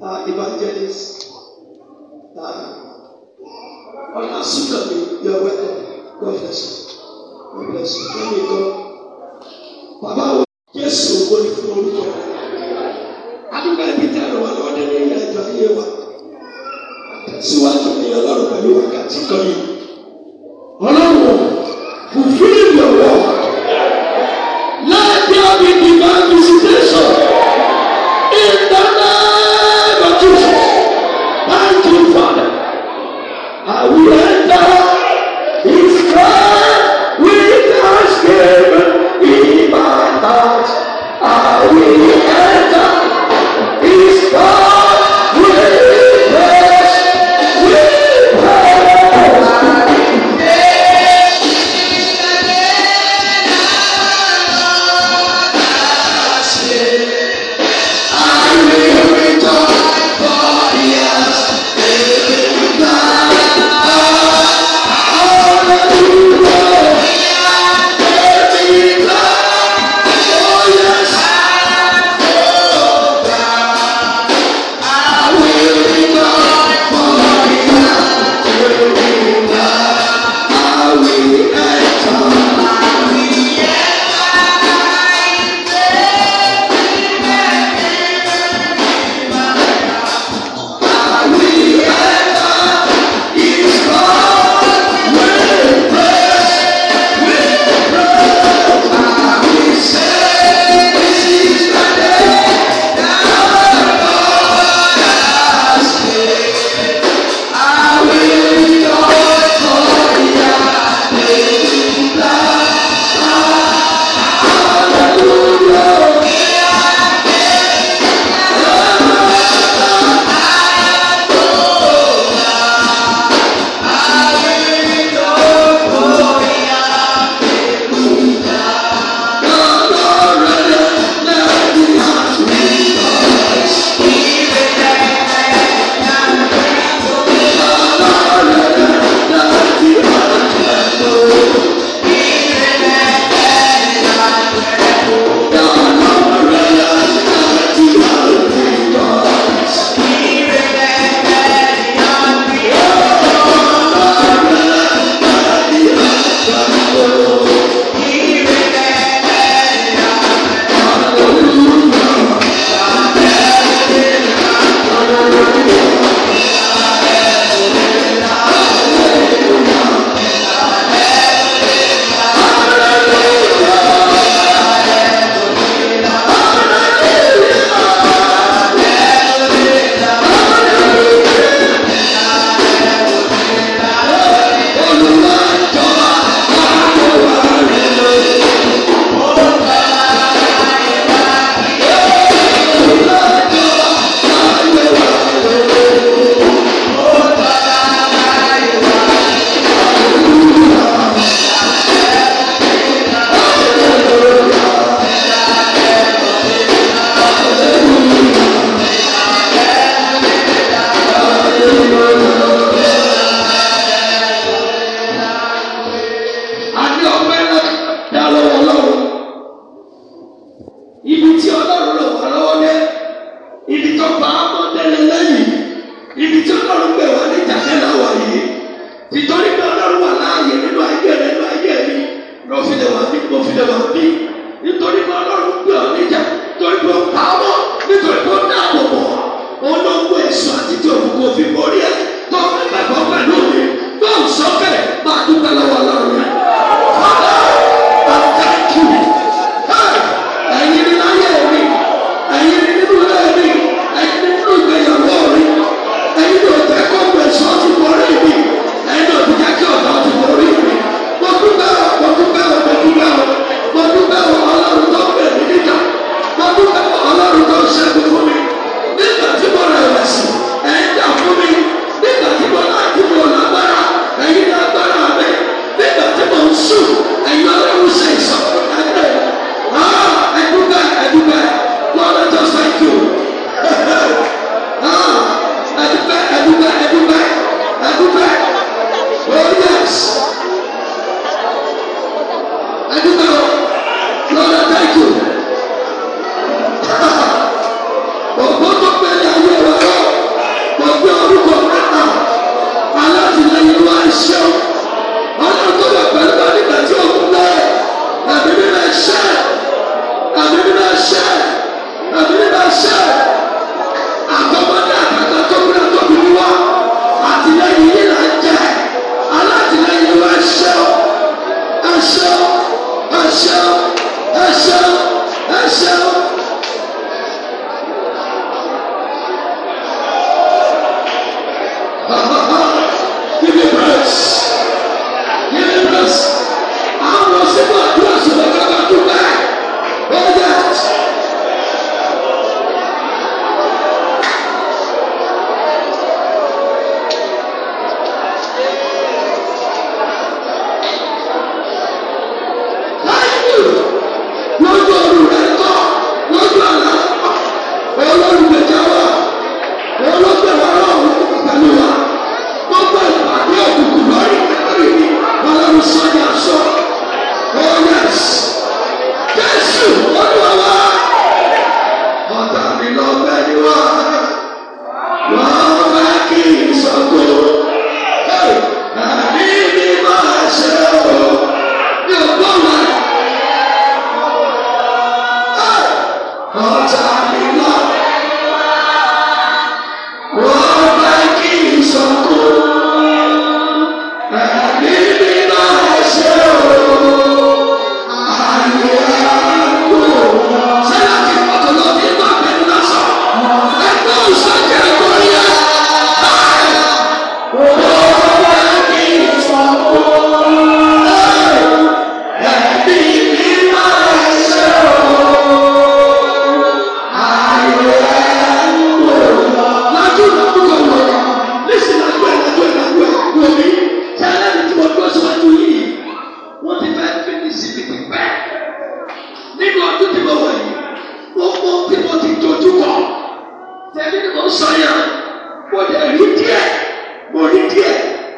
uh, evangelist uh, Honor Sukami, you are welcome. God bless you. God bless you. Let me go. Bàbá wo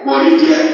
Moridia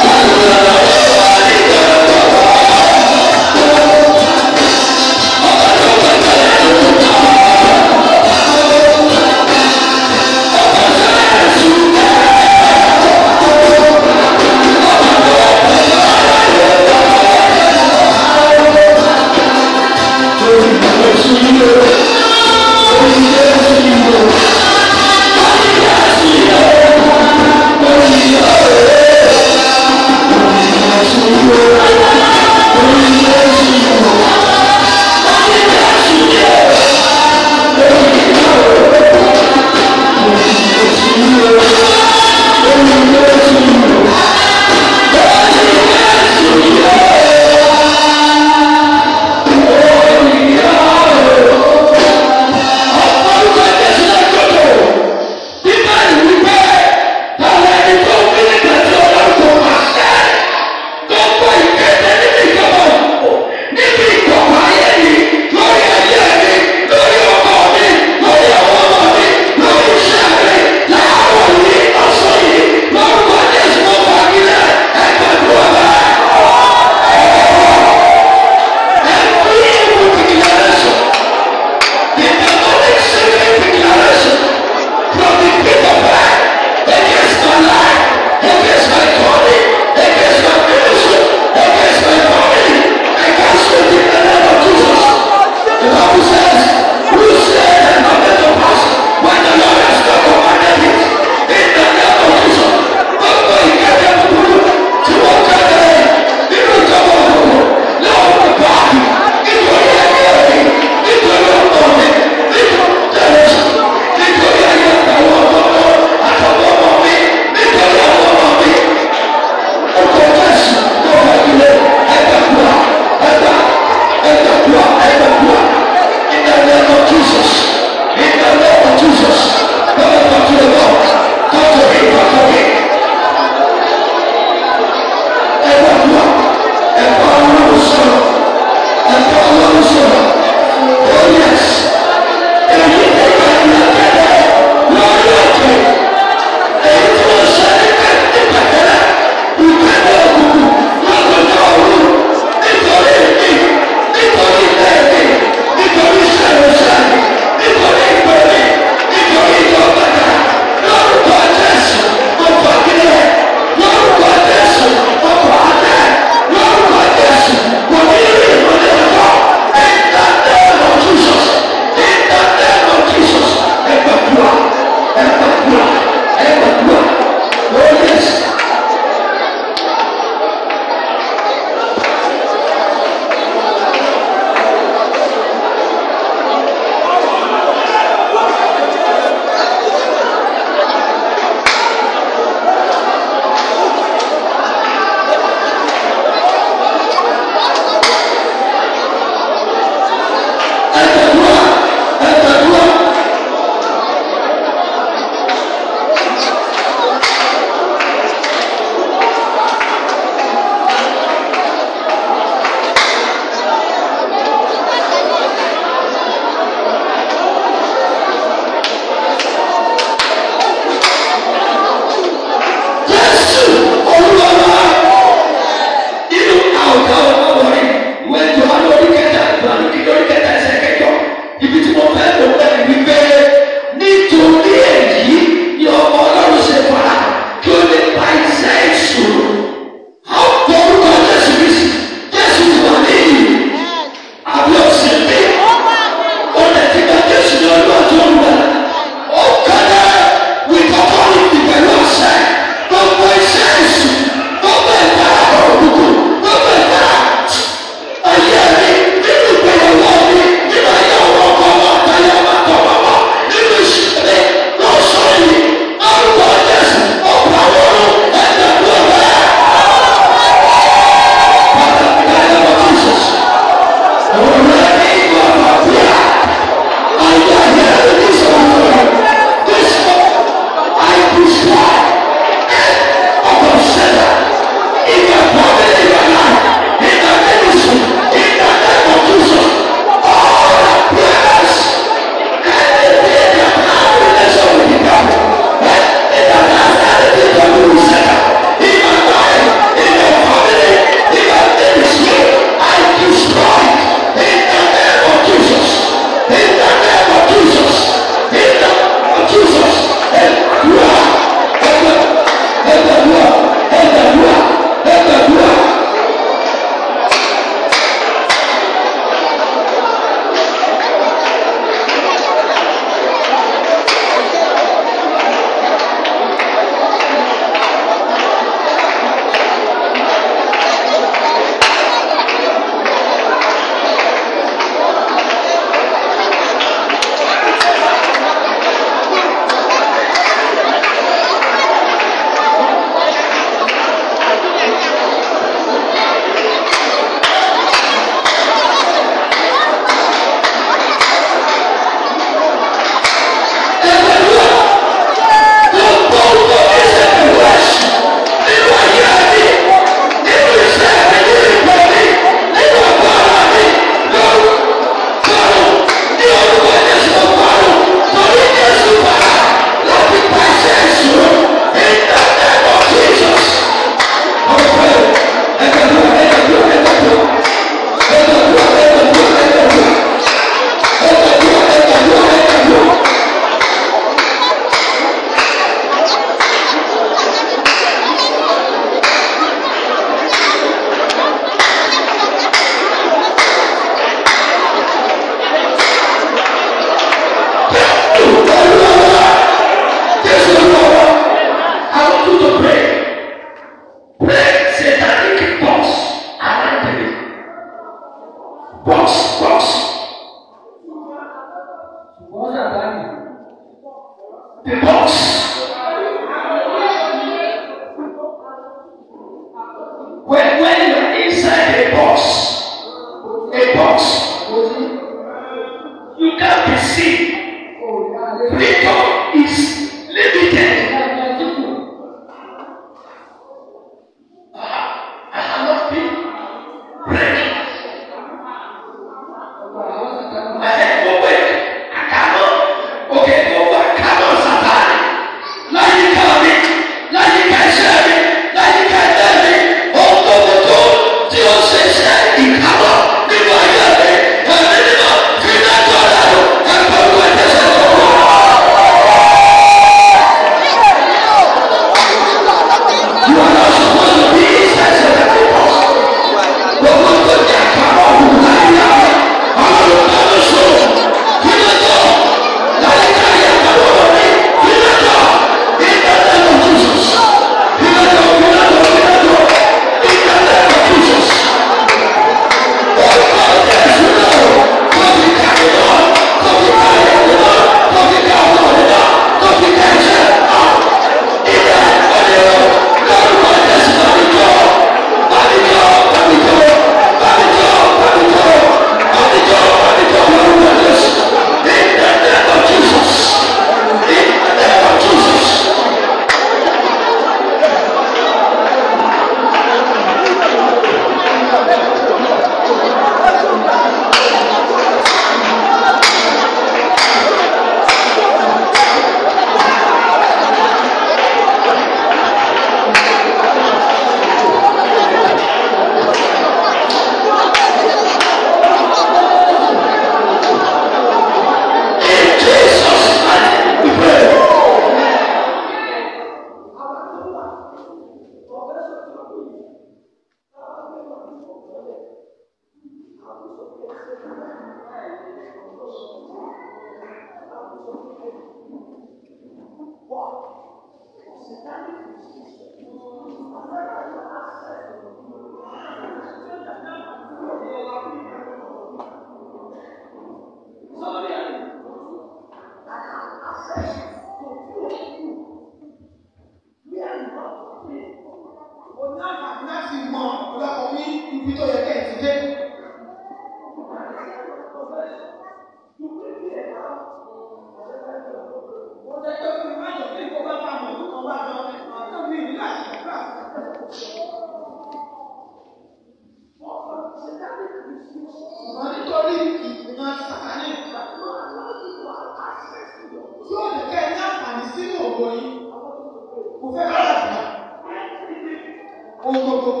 ou, ou,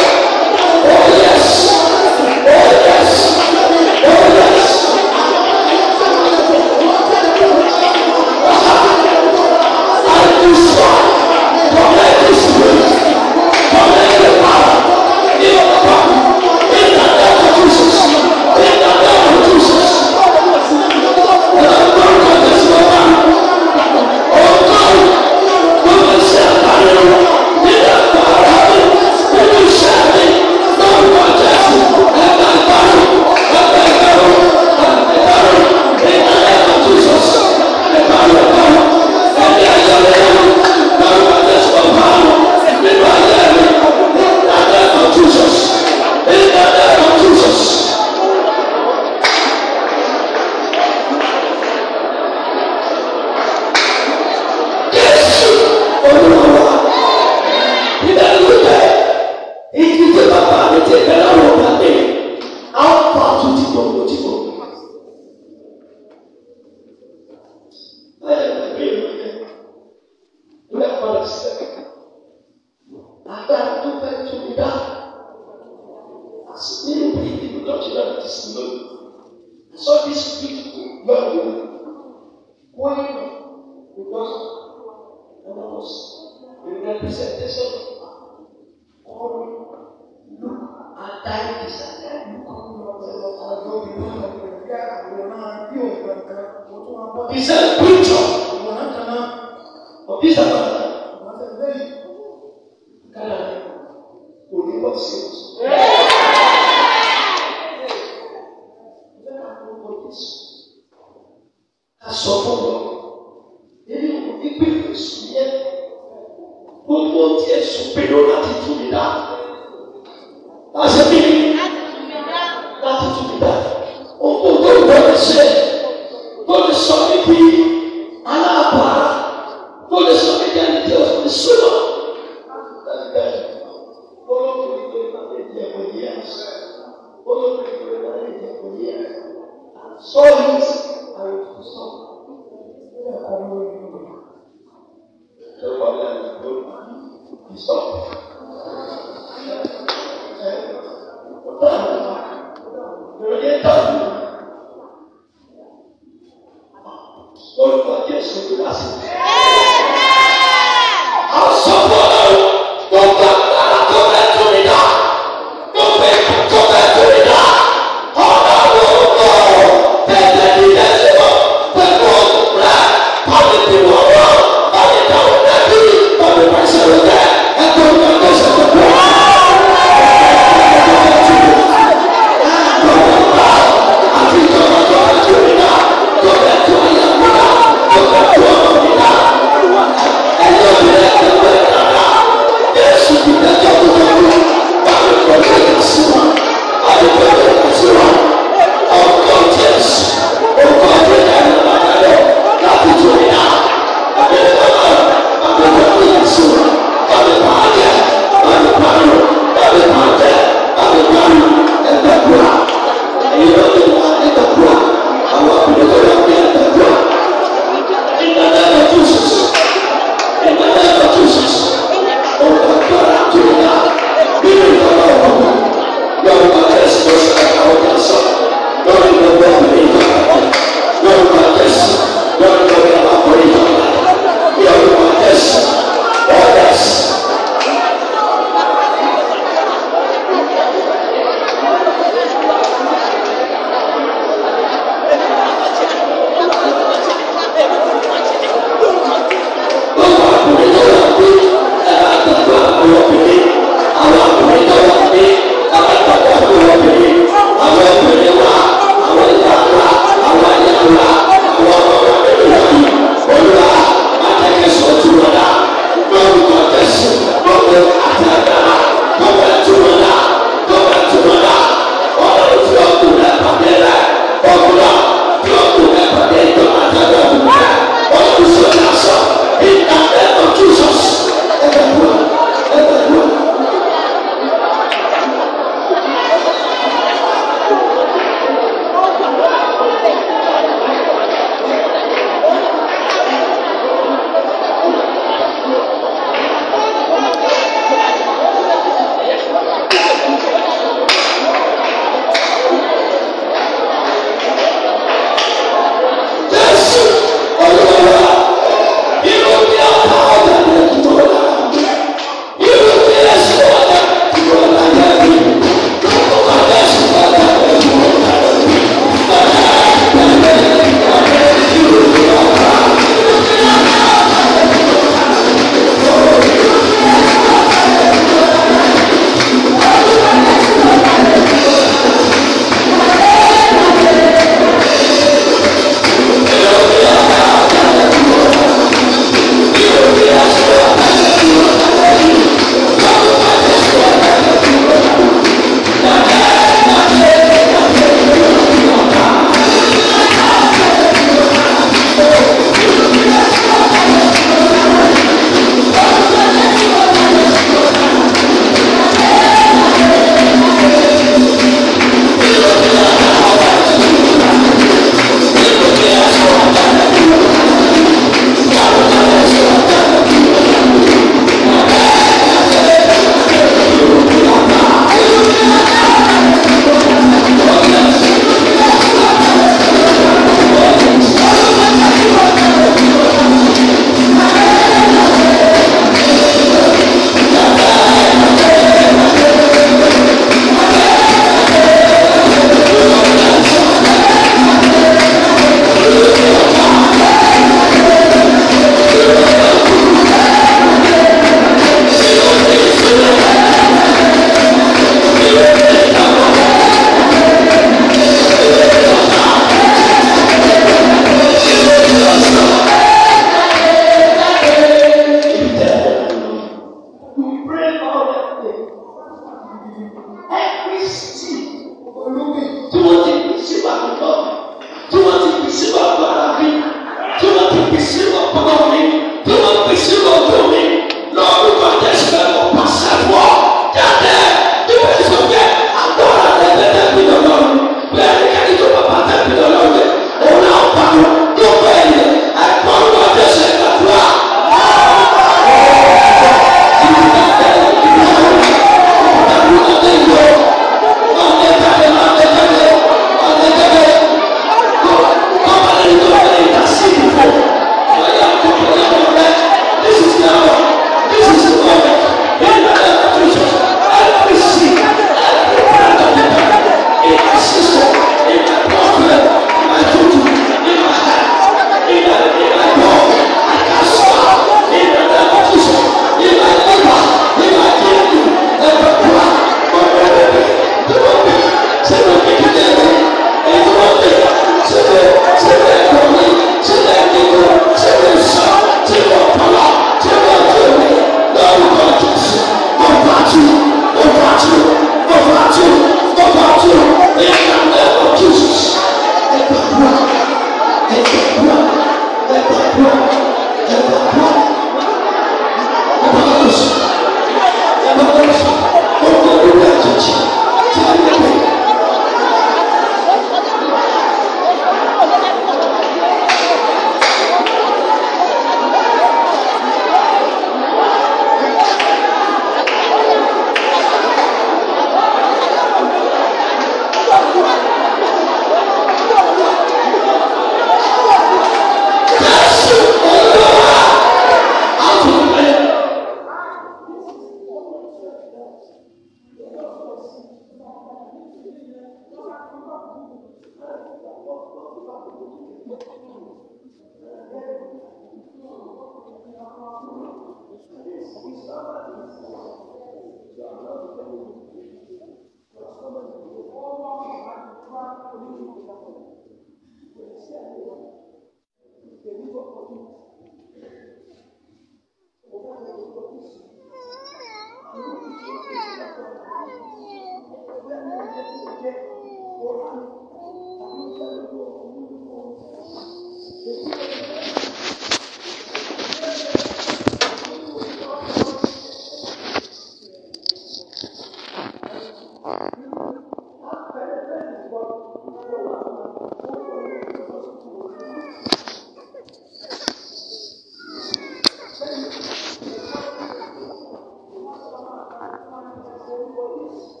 culpa disso.